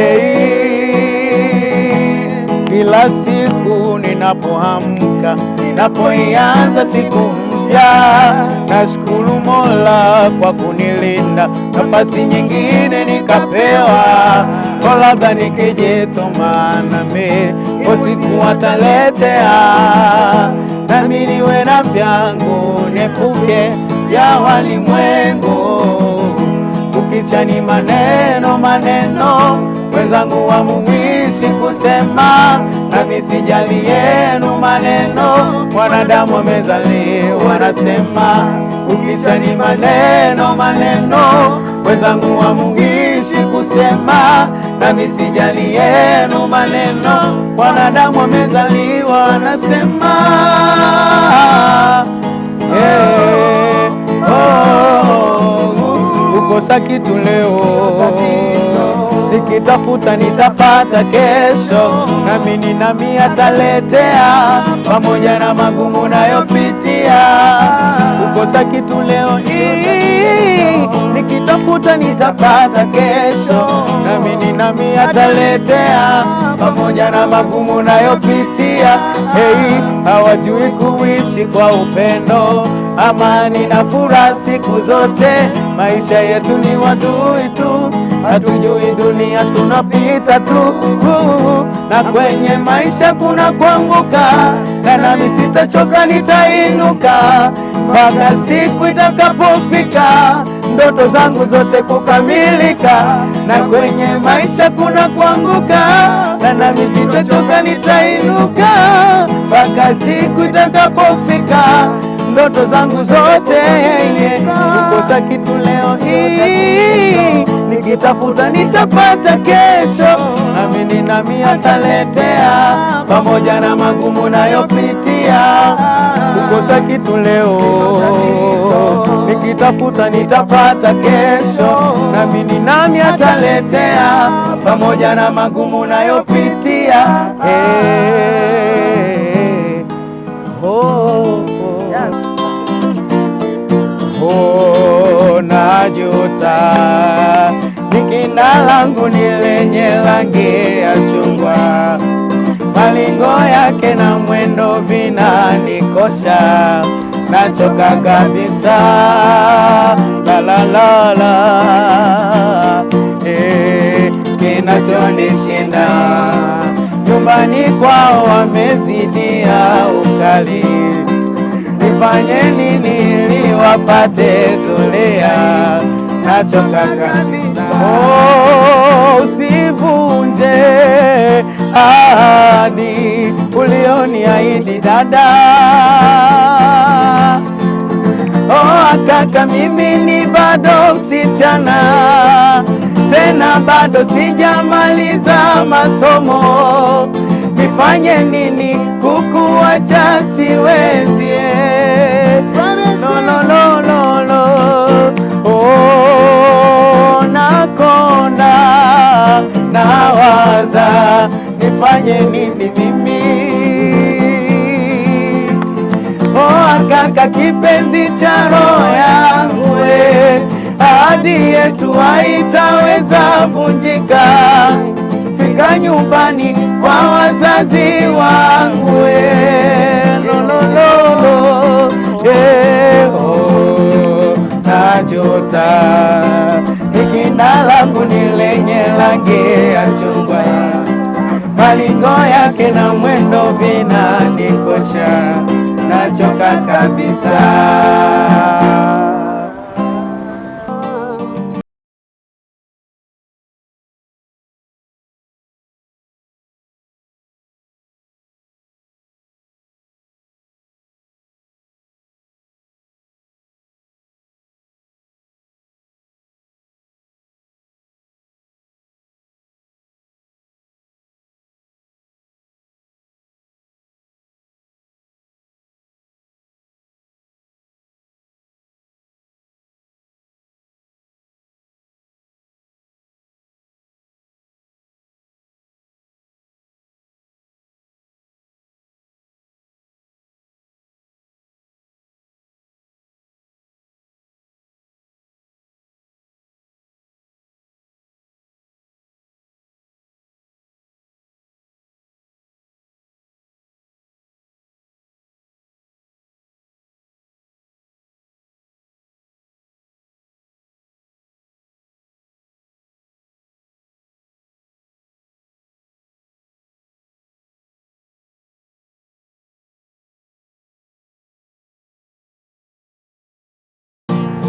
Hey, kila siku ninapoamka, ninapoianza siku mpya, nashukuru Mola kwa kunilinda, nafasi nyingine nikapewa. Ko, labda nikijituma nami siku wataletea, nami niwe na vyangu, nepuke ya walimwengu, ukichani maneno maneno wenzangu wa muishi kusema na sijali yenu maneno. Mwanadamu amezaliwa nasema, ukicha ni maneno maneno. Wenzangu wa muishi kusema na sijali yenu maneno. wanadamu amezaliwa nasema yeah. oh, oh, ukosa kitu leo Nitafuta nitapata, kesho namini nami ataletea, pamoja na magumu nayopitia. Kukosa kitu leo hii, nikitafuta nitapata, kesho namini nami ataletea, pamoja na magumu nayopitia. Hey, hawajui kuishi kwa upendo, amani na furaha siku zote. Maisha yetu ni wadui tu hatujui dunia tunapita tu, na kwenye maisha kuna kuanguka, na nami nitainuka mpaka siku itakapofika ndoto zangu zote kukamilika. Na kwenye maisha kuna kuanguka, na nami nitainuka mpaka siku itakapofika ndoto zangu zote, kukosa kitu leo hii nikitafuta nitapata kesho, amini nami ataletea, pamoja na magumu nayopitia. Kukosa kitu leo nikitafuta nitapata kesho, namini nami ataletea, pamoja na magumu nayopitia. Hey. Jina langu ni lenye rangi ya chungwa, malingo yake na mwendo vinanikosha, nachoka kabisa. La la la la, eh, kinachonishinda nyumbani kwao wamezidia ukali, nifanye nini ili wapate tolea nachoka kabisa, oh, usivunje ahadi ulioniahidi dada. Oh, kaka, mimi ni bado msichana tena, bado sijamaliza masomo, nifanye nini? Kukuacha siwezi nifanye nini mimi? Oh kaka, kipenzi cha roho yangu, ahadi yetu haitaweza vunjika. Fika nyumbani kwa wazazi wangu lololo, eh, oh, najota hiki langu ni lenye lange acho malingo yake na mwendo vinanikosha, nachoka kabisa.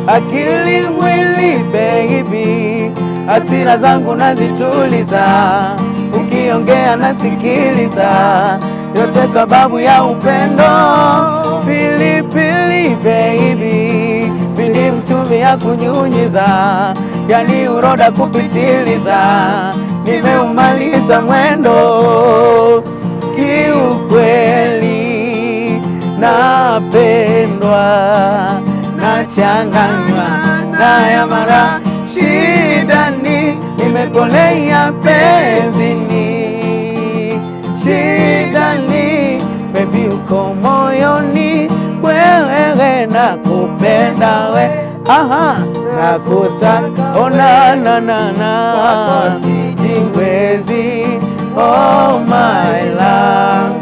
akili mwili baby, hasira zangu nazituliza, ukiongea nasikiliza, yote sababu ya upendo. Pilipili baby, pindi mchumvi ya kunyunyiza, yani uroda kupitiliza, nimeumaliza mwendo kiukweli, napendwa nimechanganywa daya mara shidani, nimekolea penzini shidani, bebi uko moyoni, wewe nakupenda we, aha nakutaka onananana, sijiwezi oh my love,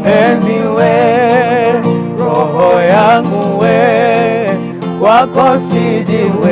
mpenzi we roho yangu wako sijui